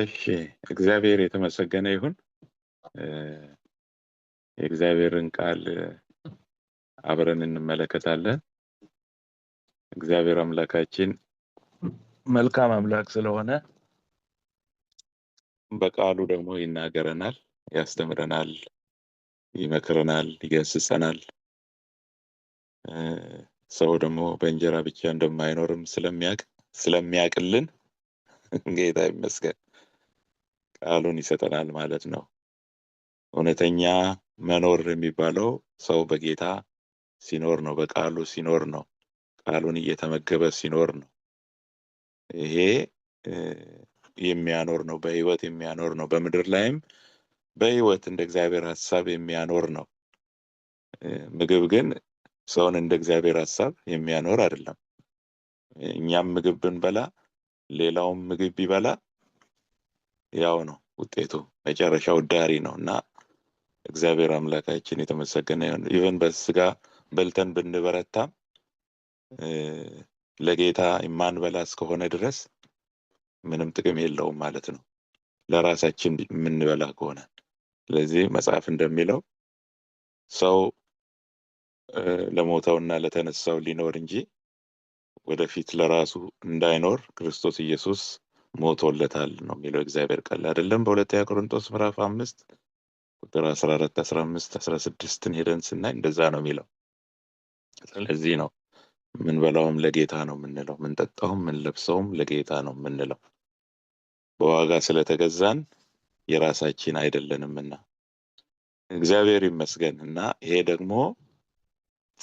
እሺ እግዚአብሔር የተመሰገነ ይሁን። የእግዚአብሔርን ቃል አብረን እንመለከታለን። እግዚአብሔር አምላካችን መልካም አምላክ ስለሆነ በቃሉ ደግሞ ይናገረናል፣ ያስተምረናል፣ ይመክረናል፣ ይገስጸናል። ሰው ደግሞ በእንጀራ ብቻ እንደማይኖርም ስለሚያቅ ስለሚያውቅልን ጌታ ይመስገን ቃሉን ይሰጠናል ማለት ነው። እውነተኛ መኖር የሚባለው ሰው በጌታ ሲኖር ነው፣ በቃሉ ሲኖር ነው፣ ቃሉን እየተመገበ ሲኖር ነው። ይሄ የሚያኖር ነው፣ በህይወት የሚያኖር ነው። በምድር ላይም በህይወት እንደ እግዚአብሔር ሀሳብ የሚያኖር ነው። ምግብ ግን ሰውን እንደ እግዚአብሔር ሀሳብ የሚያኖር አይደለም። እኛም ምግብ ብንበላ ሌላውም ምግብ ቢበላ ያው ነው ውጤቱ፣ መጨረሻው ዳሪ ነው እና እግዚአብሔር አምላካችን የተመሰገነ ይሁን። ይህን በስጋ በልተን ብንበረታም ለጌታ የማንበላ እስከሆነ ድረስ ምንም ጥቅም የለውም ማለት ነው፣ ለራሳችን የምንበላ ከሆነ። ስለዚህ መጽሐፍ እንደሚለው ሰው ለሞተውና ለተነሳው ሊኖር እንጂ ወደፊት ለራሱ እንዳይኖር ክርስቶስ ኢየሱስ ሞቶለታል ነው የሚለው እግዚአብሔር ቃል አይደለም። በሁለተኛ ቆሮንቶስ ምዕራፍ አምስት ቁጥር አስራ አራት አስራ አምስት አስራ ስድስትን ሄደን ስናይ እንደዛ ነው የሚለው። ስለዚህ ነው ምንበላውም ለጌታ ነው የምንለው፣ ምንጠጣውም ምንለብሰውም ለጌታ ነው የምንለው በዋጋ ስለተገዛን የራሳችን አይደለንምና እግዚአብሔር ይመስገን እና ይሄ ደግሞ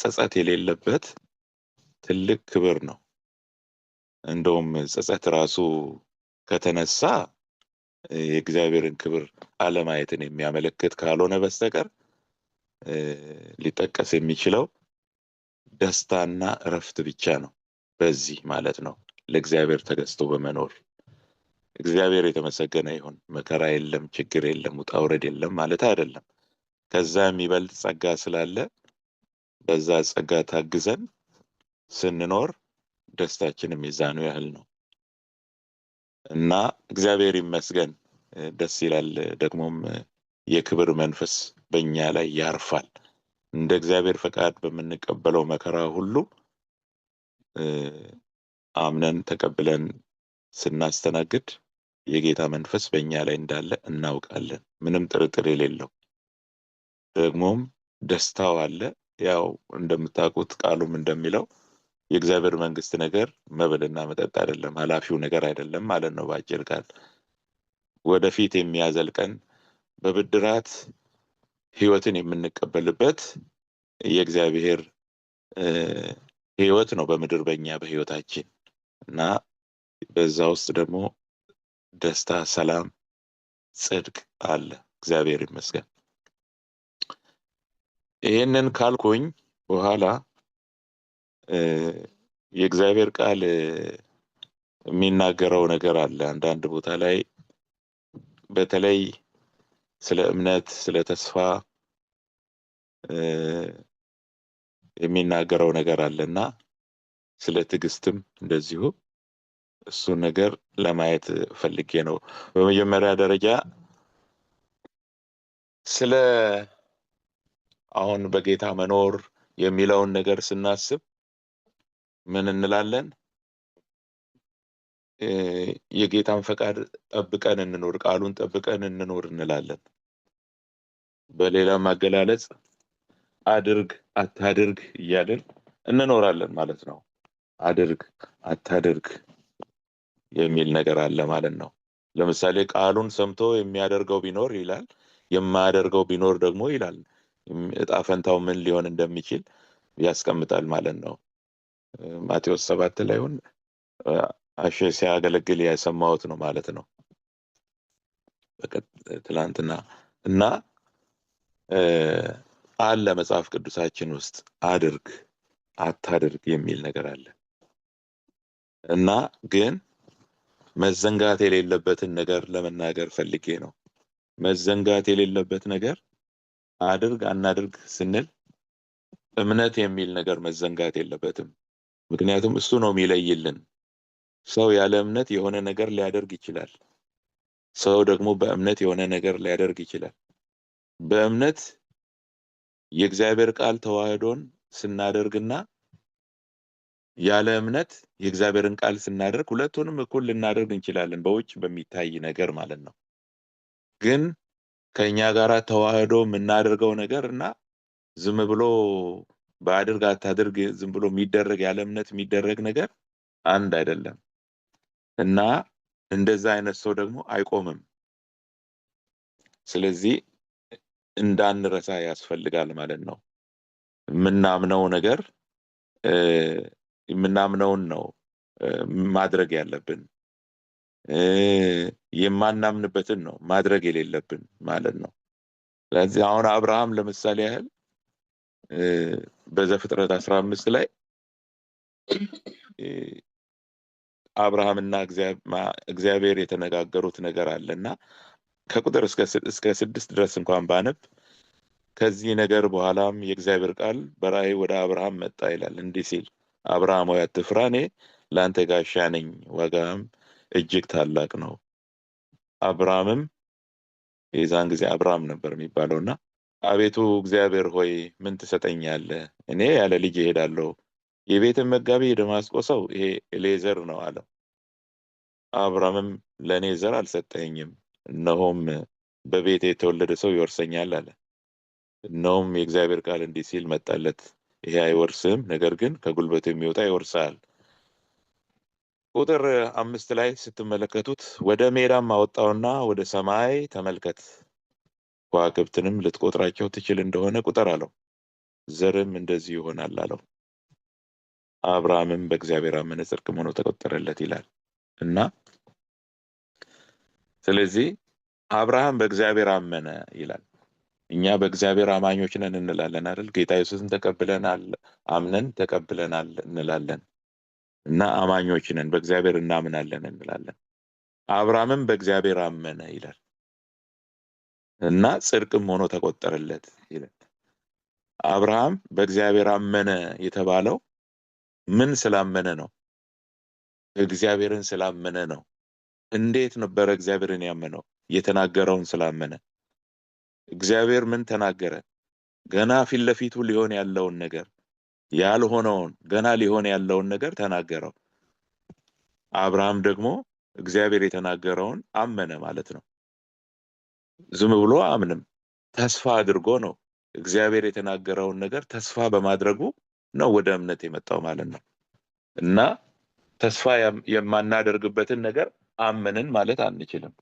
ጸጸት የሌለበት ትልቅ ክብር ነው። እንደውም ጸጸት ራሱ ከተነሳ የእግዚአብሔርን ክብር አለማየትን የሚያመለክት ካልሆነ በስተቀር ሊጠቀስ የሚችለው ደስታና እረፍት ብቻ ነው። በዚህ ማለት ነው ለእግዚአብሔር ተገዝቶ በመኖር እግዚአብሔር የተመሰገነ ይሁን፣ መከራ የለም፣ ችግር የለም፣ ውጣ ውረድ የለም ማለት አይደለም። ከዛ የሚበልጥ ጸጋ ስላለ በዛ ጸጋ ታግዘን ስንኖር ደስታችን የሚዛኑ ያህል ነው። እና እግዚአብሔር ይመስገን ደስ ይላል። ደግሞም የክብር መንፈስ በእኛ ላይ ያርፋል። እንደ እግዚአብሔር ፈቃድ በምንቀበለው መከራ ሁሉ አምነን ተቀብለን ስናስተናግድ የጌታ መንፈስ በእኛ ላይ እንዳለ እናውቃለን። ምንም ጥርጥር የሌለው ደግሞም ደስታው አለ። ያው እንደምታውቁት ቃሉም እንደሚለው የእግዚአብሔር መንግስት ነገር መብልና መጠጥ አይደለም፣ ኃላፊው ነገር አይደለም ማለት ነው። በአጭር ቃል ወደፊት የሚያዘልቀን በብድራት ህይወትን የምንቀበልበት የእግዚአብሔር ህይወት ነው በምድር በኛ በህይወታችን እና በዛ ውስጥ ደግሞ ደስታ፣ ሰላም፣ ጽድቅ አለ። እግዚአብሔር ይመስገን። ይህንን ካልኩኝ በኋላ የእግዚአብሔር ቃል የሚናገረው ነገር አለ። አንዳንድ ቦታ ላይ በተለይ ስለ እምነት፣ ስለ ተስፋ የሚናገረው ነገር አለ እና ስለ ትዕግስትም እንደዚሁ እሱን ነገር ለማየት ፈልጌ ነው። በመጀመሪያ ደረጃ ስለ አሁን በጌታ መኖር የሚለውን ነገር ስናስብ ምን እንላለን? የጌታን ፈቃድ ጠብቀን እንኖር፣ ቃሉን ጠብቀን እንኖር እንላለን። በሌላም አገላለጽ አድርግ አታድርግ እያልን እንኖራለን ማለት ነው። አድርግ አታድርግ የሚል ነገር አለ ማለት ነው። ለምሳሌ ቃሉን ሰምቶ የሚያደርገው ቢኖር ይላል፣ የማያደርገው ቢኖር ደግሞ ይላል። እጣ ፈንታው ምን ሊሆን እንደሚችል ያስቀምጣል ማለት ነው። ማቴዎስ ሰባት ላይሁን አሼ ሲያገለግል ያሰማውት ነው ማለት ነው ትላንትና እና አለ መጽሐፍ ቅዱሳችን ውስጥ አድርግ አታድርግ የሚል ነገር አለ እና ግን መዘንጋት የሌለበትን ነገር ለመናገር ፈልጌ ነው። መዘንጋት የሌለበት ነገር አድርግ አናድርግ ስንል እምነት የሚል ነገር መዘንጋት የለበትም። ምክንያቱም እሱ ነው የሚለይልን። ሰው ያለ እምነት የሆነ ነገር ሊያደርግ ይችላል። ሰው ደግሞ በእምነት የሆነ ነገር ሊያደርግ ይችላል። በእምነት የእግዚአብሔር ቃል ተዋህዶን ስናደርግና ያለ እምነት የእግዚአብሔርን ቃል ስናደርግ ሁለቱንም እኩል ልናደርግ እንችላለን፣ በውጭ በሚታይ ነገር ማለት ነው። ግን ከእኛ ጋር ተዋህዶ የምናደርገው ነገር እና ዝም ብሎ በአድርግ አታድርግ ዝም ብሎ የሚደረግ ያለ እምነት የሚደረግ ነገር አንድ አይደለም እና እንደዛ አይነት ሰው ደግሞ አይቆምም። ስለዚህ እንዳንረሳ ያስፈልጋል ማለት ነው። የምናምነው ነገር የምናምነውን ነው ማድረግ ያለብን፣ የማናምንበትን ነው ማድረግ የሌለብን ማለት ነው። ስለዚህ አሁን አብርሃም ለምሳሌ ያህል በዘፍጥረት አስራ አምስት ላይ አብርሃምና እግዚአብሔር የተነጋገሩት ነገር አለ እና ከቁጥር እስከ ስድስት ድረስ እንኳን ባነብ ከዚህ ነገር በኋላም የእግዚአብሔር ቃል በራእይ ወደ አብርሃም መጣ ይላል። እንዲህ ሲል አብርሃም ሆይ አትፍራ፣ እኔ ለአንተ ጋሻ ነኝ፣ ዋጋም እጅግ ታላቅ ነው። አብርሃምም የዛን ጊዜ አብርሃም ነበር የሚባለው እና አቤቱ እግዚአብሔር ሆይ ምን ትሰጠኛለህ? እኔ ያለ ልጅ እሄዳለሁ። የቤትን መጋቢ የደማስቆ ሰው ይሄ ኤሌዘር ነው አለው። አብርሃምም ለእኔ ዘር አልሰጠኝም፣ እነሆም በቤት የተወለደ ሰው ይወርሰኛል አለ። እነሆም የእግዚአብሔር ቃል እንዲህ ሲል መጣለት፣ ይሄ አይወርስም፣ ነገር ግን ከጉልበቱ የሚወጣ ይወርሳል። ቁጥር አምስት ላይ ስትመለከቱት ወደ ሜዳም አወጣውና ወደ ሰማይ ተመልከት ከዋክብትንም ልትቆጥራቸው ትችል እንደሆነ ቁጠር አለው። ዘርም እንደዚህ ይሆናል አለው። አብርሃምም በእግዚአብሔር አመነ፣ ጽድቅም ሆኖ ተቆጠረለት ይላል እና ስለዚህ አብርሃም በእግዚአብሔር አመነ ይላል። እኛ በእግዚአብሔር አማኞች ነን እንላለን አይደል? ጌታ ኢየሱስን ተቀብለናል፣ አምነን ተቀብለናል እንላለን እና አማኞች ነን በእግዚአብሔር እናምናለን እንላለን። አብርሃምም በእግዚአብሔር አመነ ይላል። እና ጽድቅም ሆኖ ተቆጠረለት ይላል። አብርሃም በእግዚአብሔር አመነ የተባለው ምን ስላመነ ነው? እግዚአብሔርን ስላመነ ነው። እንዴት ነበረ እግዚአብሔርን ያመነው? የተናገረውን ስላመነ። እግዚአብሔር ምን ተናገረ? ገና ፊት ለፊቱ ሊሆን ያለውን ነገር ያልሆነውን ገና ሊሆን ያለውን ነገር ተናገረው። አብርሃም ደግሞ እግዚአብሔር የተናገረውን አመነ ማለት ነው። ዝም ብሎ አምንም ተስፋ አድርጎ ነው እግዚአብሔር የተናገረውን ነገር ተስፋ በማድረጉ ነው ወደ እምነት የመጣው ማለት ነው። እና ተስፋ የማናደርግበትን ነገር አመንን ማለት አንችልም።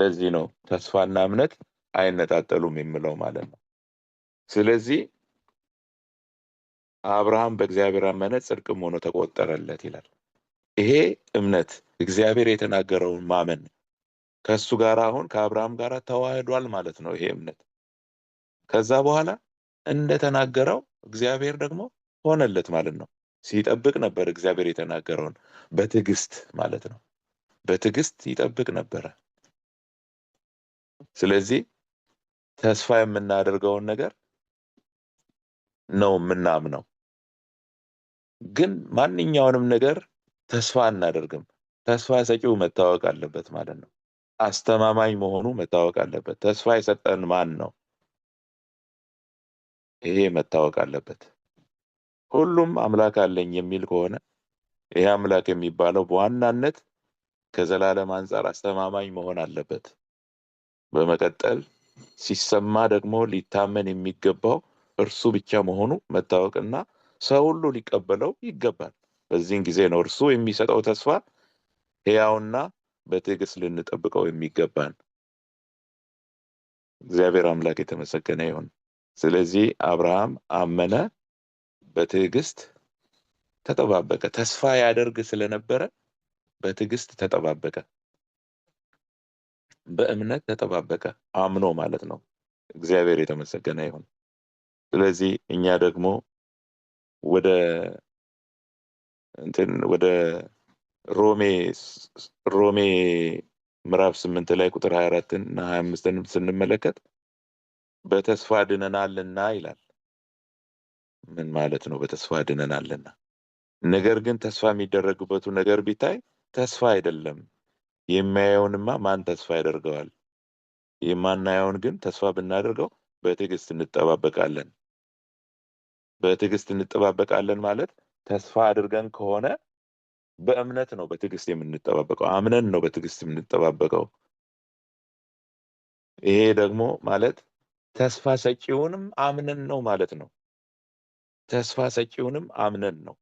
ለዚህ ነው ተስፋና እምነት አይነጣጠሉም የምለው ማለት ነው። ስለዚህ አብርሃም በእግዚአብሔር አመነ፣ ጽድቅም ሆኖ ተቆጠረለት ይላል። ይሄ እምነት እግዚአብሔር የተናገረውን ማመን ከእሱ ጋር አሁን ከአብርሃም ጋር ተዋህዷል ማለት ነው ይሄ እምነት። ከዛ በኋላ እንደተናገረው እግዚአብሔር ደግሞ ሆነለት ማለት ነው። ሲጠብቅ ነበር እግዚአብሔር የተናገረውን በትዕግስት ማለት ነው። በትዕግስት ይጠብቅ ነበረ። ስለዚህ ተስፋ የምናደርገውን ነገር ነው የምናምነው። ግን ማንኛውንም ነገር ተስፋ አናደርግም። ተስፋ ሰጪው መታወቅ አለበት ማለት ነው። አስተማማኝ መሆኑ መታወቅ አለበት። ተስፋ የሰጠን ማን ነው? ይሄ መታወቅ አለበት። ሁሉም አምላክ አለኝ የሚል ከሆነ ይሄ አምላክ የሚባለው በዋናነት ከዘላለም አንጻር አስተማማኝ መሆን አለበት። በመቀጠል ሲሰማ ደግሞ ሊታመን የሚገባው እርሱ ብቻ መሆኑ መታወቅና ሰው ሁሉ ሊቀበለው ይገባል። በዚህን ጊዜ ነው እርሱ የሚሰጠው ተስፋ ሕያውና በትዕግስት ልንጠብቀው የሚገባን እግዚአብሔር አምላክ የተመሰገነ ይሁን። ስለዚህ አብርሃም አመነ፣ በትዕግስት ተጠባበቀ። ተስፋ ያደርግ ስለነበረ በትዕግስት ተጠባበቀ፣ በእምነት ተጠባበቀ። አምኖ ማለት ነው። እግዚአብሔር የተመሰገነ ይሁን። ስለዚህ እኛ ደግሞ ወደ እንትን ወደ ሮሜ ሮሜ ምዕራፍ ስምንት ላይ ቁጥር ሀያ አራትን እና ሀያ አምስትን ስንመለከት በተስፋ ድነናልና ይላል። ምን ማለት ነው? በተስፋ ድነናልና። ነገር ግን ተስፋ የሚደረግበቱ ነገር ቢታይ ተስፋ አይደለም። የሚያየውንማ ማን ተስፋ ያደርገዋል? የማናየውን ግን ተስፋ ብናደርገው በትዕግስት እንጠባበቃለን። በትዕግስት እንጠባበቃለን ማለት ተስፋ አድርገን ከሆነ በእምነት ነው በትዕግስት የምንጠባበቀው። አምነን ነው በትዕግስት የምንጠባበቀው። ይሄ ደግሞ ማለት ተስፋ ሰጪውንም አምነን ነው ማለት ነው። ተስፋ ሰጪውንም አምነን ነው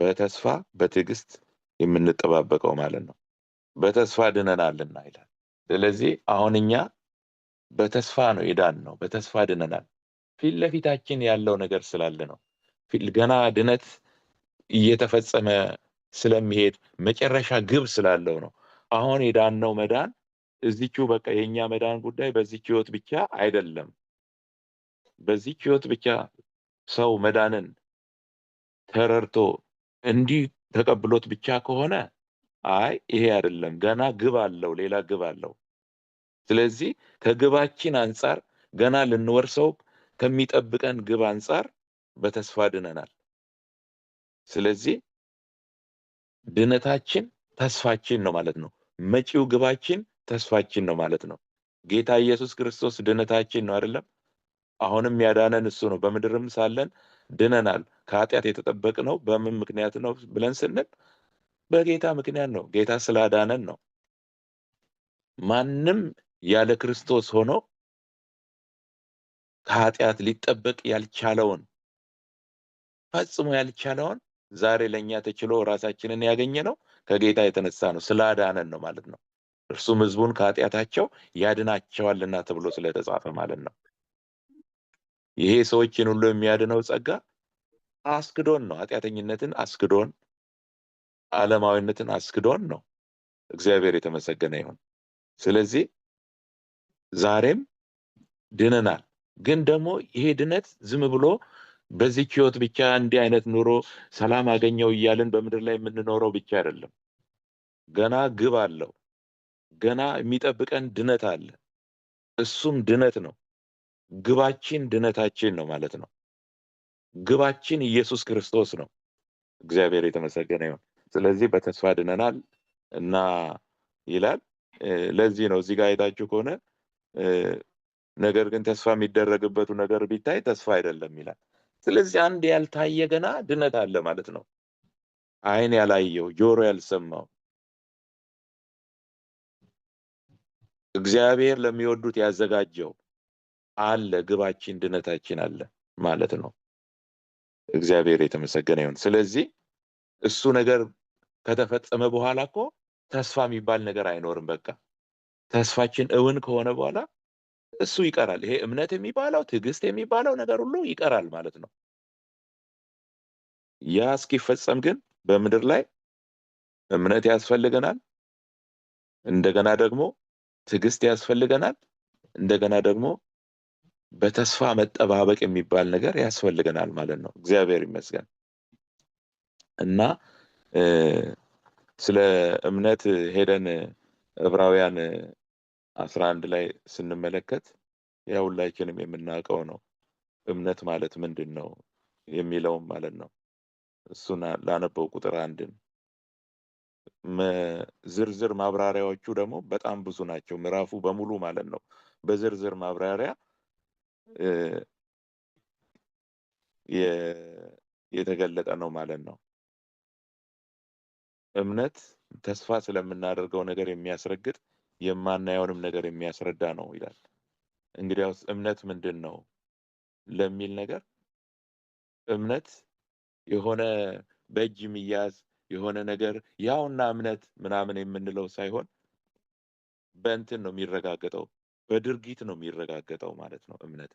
በተስፋ በትዕግስት የምንጠባበቀው ማለት ነው። በተስፋ ድነናልና ይላል። ስለዚህ አሁን እኛ በተስፋ ነው የዳን ነው፣ በተስፋ ድነናል። ፊት ለፊታችን ያለው ነገር ስላለ ነው ገና ድነት እየተፈጸመ ስለሚሄድ መጨረሻ ግብ ስላለው ነው። አሁን የዳነው መዳን እዚቹ በቃ የእኛ መዳን ጉዳይ በዚች ህይወት ብቻ አይደለም። በዚች ህይወት ብቻ ሰው መዳንን ተረድቶ እንዲህ ተቀብሎት ብቻ ከሆነ አይ ይሄ አይደለም፣ ገና ግብ አለው፣ ሌላ ግብ አለው። ስለዚህ ከግባችን አንጻር ገና ልንወርሰው ከሚጠብቀን ግብ አንጻር በተስፋ ድነናል። ስለዚህ ድነታችን ተስፋችን ነው ማለት ነው። መጪው ግባችን ተስፋችን ነው ማለት ነው። ጌታ ኢየሱስ ክርስቶስ ድነታችን ነው አይደለም። አሁንም ያዳነን እሱ ነው። በምድርም ሳለን ድነናል። ከኃጢአት ነው በምን ምክንያት ነው ብለን ስንል በጌታ ምክንያት ነው። ጌታ ስላዳነን ነው። ማንም ያለ ክርስቶስ ሆኖ ከኃጢአት ሊጠበቅ ያልቻለውን ፈጽሞ ያልቻለውን ዛሬ ለእኛ ተችሎ ራሳችንን ያገኘ ነው ከጌታ የተነሳ ነው፣ ስላዳነን ነው ማለት ነው። እርሱም ህዝቡን ከኃጢአታቸው ያድናቸዋልና ተብሎ ስለተጻፈ ማለት ነው። ይሄ ሰዎችን ሁሉ የሚያድነው ጸጋ አስክዶን ነው። ኃጢአተኝነትን አስክዶን፣ አለማዊነትን አስክዶን ነው። እግዚአብሔር የተመሰገነ ይሁን። ስለዚህ ዛሬም ድነናል። ግን ደግሞ ይሄ ድነት ዝም ብሎ በዚህ ህይወት ብቻ እንዲህ አይነት ኑሮ ሰላም አገኘው እያልን በምድር ላይ የምንኖረው ብቻ አይደለም። ገና ግብ አለው። ገና የሚጠብቀን ድነት አለ። እሱም ድነት ነው። ግባችን ድነታችን ነው ማለት ነው። ግባችን ኢየሱስ ክርስቶስ ነው። እግዚአብሔር የተመሰገነ ይሁን። ስለዚህ በተስፋ ድነናል እና ይላል። ለዚህ ነው እዚህ ጋር አይታችሁ ከሆነ ነገር ግን ተስፋ የሚደረግበቱ ነገር ቢታይ ተስፋ አይደለም ይላል። ስለዚህ አንድ ያልታየ ገና ድነት አለ ማለት ነው። አይን ያላየው ጆሮ ያልሰማው እግዚአብሔር ለሚወዱት ያዘጋጀው አለ። ግባችን ድነታችን አለ ማለት ነው። እግዚአብሔር የተመሰገነ ይሁን። ስለዚህ እሱ ነገር ከተፈጸመ በኋላ እኮ ተስፋ የሚባል ነገር አይኖርም። በቃ ተስፋችን እውን ከሆነ በኋላ እሱ ይቀራል። ይሄ እምነት የሚባለው ትዕግስት የሚባለው ነገር ሁሉ ይቀራል ማለት ነው። ያ እስኪፈጸም ግን በምድር ላይ እምነት ያስፈልገናል። እንደገና ደግሞ ትዕግስት ያስፈልገናል። እንደገና ደግሞ በተስፋ መጠባበቅ የሚባል ነገር ያስፈልገናል ማለት ነው። እግዚአብሔር ይመስገን እና ስለ እምነት ሄደን ዕብራውያን አስራ አንድ ላይ ስንመለከት ያ ሁላችንም የምናውቀው ነው እምነት ማለት ምንድን ነው የሚለውም ማለት ነው። እሱን ላነበው ቁጥር አንድን ዝርዝር ማብራሪያዎቹ ደግሞ በጣም ብዙ ናቸው። ምዕራፉ በሙሉ ማለት ነው በዝርዝር ማብራሪያ የተገለጠ ነው ማለት ነው። እምነት ተስፋ ስለምናደርገው ነገር የሚያስረግጥ የማናየውንም ነገር የሚያስረዳ ነው ይላል። እንግዲያውስ እምነት ምንድን ነው ለሚል ነገር እምነት የሆነ በእጅ የሚያዝ የሆነ ነገር ያውና እምነት ምናምን የምንለው ሳይሆን በእንትን ነው የሚረጋገጠው፣ በድርጊት ነው የሚረጋገጠው ማለት ነው። እምነት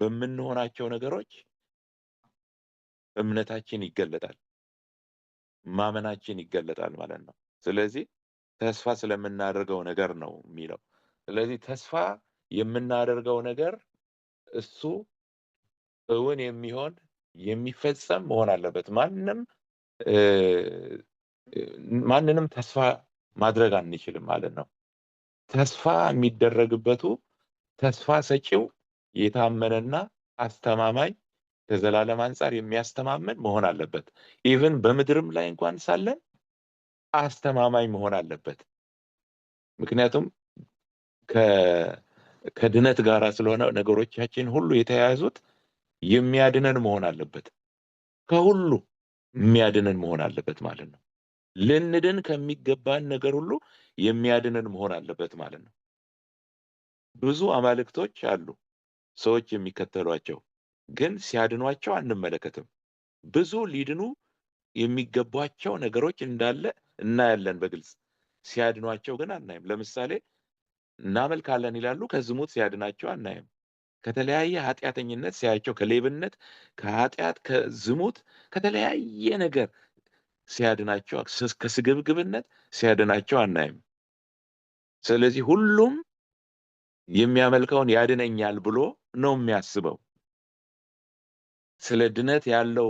በምንሆናቸው ነገሮች እምነታችን ይገለጣል፣ ማመናችን ይገለጣል ማለት ነው። ስለዚህ ተስፋ ስለምናደርገው ነገር ነው የሚለው። ስለዚህ ተስፋ የምናደርገው ነገር እሱ እውን የሚሆን የሚፈጸም መሆን አለበት። ማንም ማንንም ተስፋ ማድረግ አንችልም ማለት ነው። ተስፋ የሚደረግበቱ ተስፋ ሰጪው የታመነና አስተማማኝ ከዘላለም አንጻር የሚያስተማምን መሆን አለበት። ኢቨን በምድርም ላይ እንኳን ሳለን አስተማማኝ መሆን አለበት። ምክንያቱም ከድነት ጋር ስለሆነ ነገሮቻችን ሁሉ የተያያዙት የሚያድነን መሆን አለበት። ከሁሉ የሚያድነን መሆን አለበት ማለት ነው። ልንድን ከሚገባን ነገር ሁሉ የሚያድነን መሆን አለበት ማለት ነው። ብዙ አማልክቶች አሉ ሰዎች የሚከተሏቸው ግን ሲያድኗቸው አንመለከትም። ብዙ ሊድኑ የሚገቧቸው ነገሮች እንዳለ እናያለን በግልጽ ሲያድኗቸው ግን አናይም። ለምሳሌ እናመልካለን ይላሉ፣ ከዝሙት ሲያድናቸው አናይም። ከተለያየ ኃጢአተኝነት ሲያያቸው፣ ከሌብነት፣ ከኃጢአት፣ ከዝሙት፣ ከተለያየ ነገር ሲያድናቸው፣ ከስግብግብነት ሲያድናቸው አናይም። ስለዚህ ሁሉም የሚያመልከውን ያድነኛል ብሎ ነው የሚያስበው። ስለ ድነት ያለው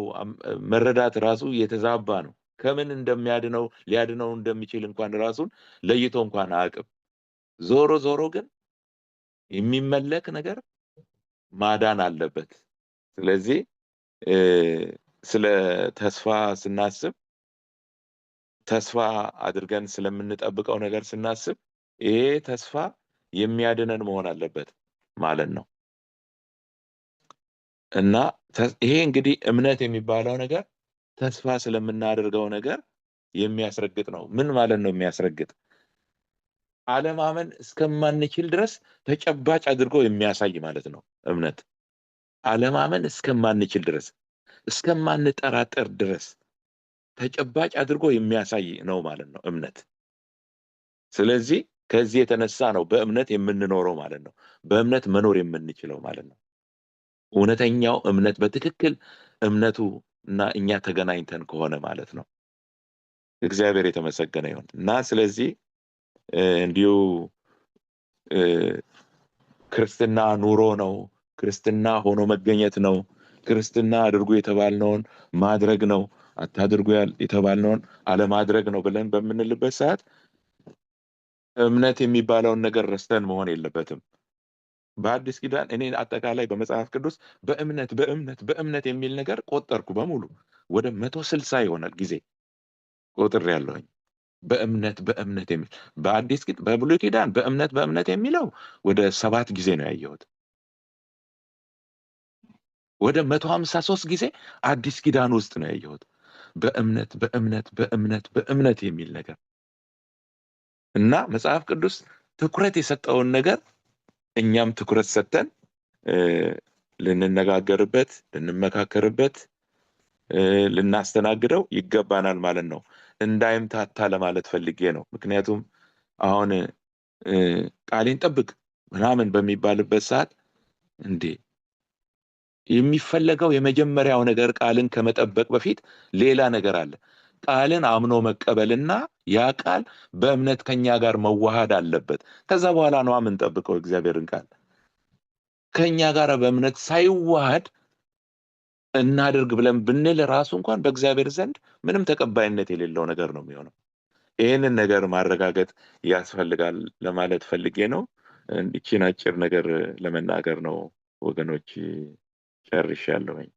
መረዳት ራሱ የተዛባ ነው። ከምን እንደሚያድነው ሊያድነው እንደሚችል እንኳን ራሱን ለይቶ እንኳን አቅም ዞሮ ዞሮ ግን የሚመለክ ነገር ማዳን አለበት። ስለዚህ ስለ ተስፋ ስናስብ ተስፋ አድርገን ስለምንጠብቀው ነገር ስናስብ ይሄ ተስፋ የሚያድነን መሆን አለበት ማለት ነው እና ይሄ እንግዲህ እምነት የሚባለው ነገር ተስፋ ስለምናደርገው ነገር የሚያስረግጥ ነው። ምን ማለት ነው የሚያስረግጥ? አለማመን እስከማንችል ድረስ ተጨባጭ አድርጎ የሚያሳይ ማለት ነው እምነት። አለማመን እስከማንችል ድረስ እስከማንጠራጠር ድረስ ተጨባጭ አድርጎ የሚያሳይ ነው ማለት ነው እምነት። ስለዚህ ከዚህ የተነሳ ነው በእምነት የምንኖረው ማለት ነው፣ በእምነት መኖር የምንችለው ማለት ነው። እውነተኛው እምነት በትክክል እምነቱ እና እኛ ተገናኝተን ከሆነ ማለት ነው። እግዚአብሔር የተመሰገነ ይሆን እና ስለዚህ እንዲሁ ክርስትና ኑሮ ነው፣ ክርስትና ሆኖ መገኘት ነው፣ ክርስትና አድርጉ የተባልነውን ማድረግ ነው፣ አታድርጉ የተባልነውን አለማድረግ ነው ብለን በምንልበት ሰዓት እምነት የሚባለውን ነገር ረስተን መሆን የለበትም። በአዲስ ኪዳን እኔ አጠቃላይ በመጽሐፍ ቅዱስ በእምነት በእምነት በእምነት የሚል ነገር ቆጠርኩ በሙሉ ወደ መቶ ስልሳ ይሆናል ጊዜ ቆጥር ያለውኝ በእምነት በእምነት የሚል በአዲስ በብሉይ ኪዳን በእምነት በእምነት የሚለው ወደ ሰባት ጊዜ ነው ያየሁት። ወደ መቶ ሀምሳ ሶስት ጊዜ አዲስ ኪዳን ውስጥ ነው ያየሁት። በእምነት በእምነት በእምነት በእምነት የሚል ነገር እና መጽሐፍ ቅዱስ ትኩረት የሰጠውን ነገር እኛም ትኩረት ሰጥተን ልንነጋገርበት፣ ልንመካከርበት፣ ልናስተናግደው ይገባናል ማለት ነው። እንዳይምታታ ለማለት ፈልጌ ነው። ምክንያቱም አሁን ቃሌን ጠብቅ ምናምን በሚባልበት ሰዓት እንዴ የሚፈለገው የመጀመሪያው ነገር ቃልን ከመጠበቅ በፊት ሌላ ነገር አለ። ቃልን አምኖ መቀበልና ያ ቃል በእምነት ከኛ ጋር መዋሃድ አለበት። ከዛ በኋላ ነው የምንጠብቀው እግዚአብሔርን ቃል ከኛ ጋር በእምነት ሳይዋሃድ እናደርግ ብለን ብንል ራሱ እንኳን በእግዚአብሔር ዘንድ ምንም ተቀባይነት የሌለው ነገር ነው የሚሆነው። ይህንን ነገር ማረጋገጥ ያስፈልጋል ለማለት ፈልጌ ነው። እቺን አጭር ነገር ለመናገር ነው ወገኖች፣ ጨርሻለሁኝ።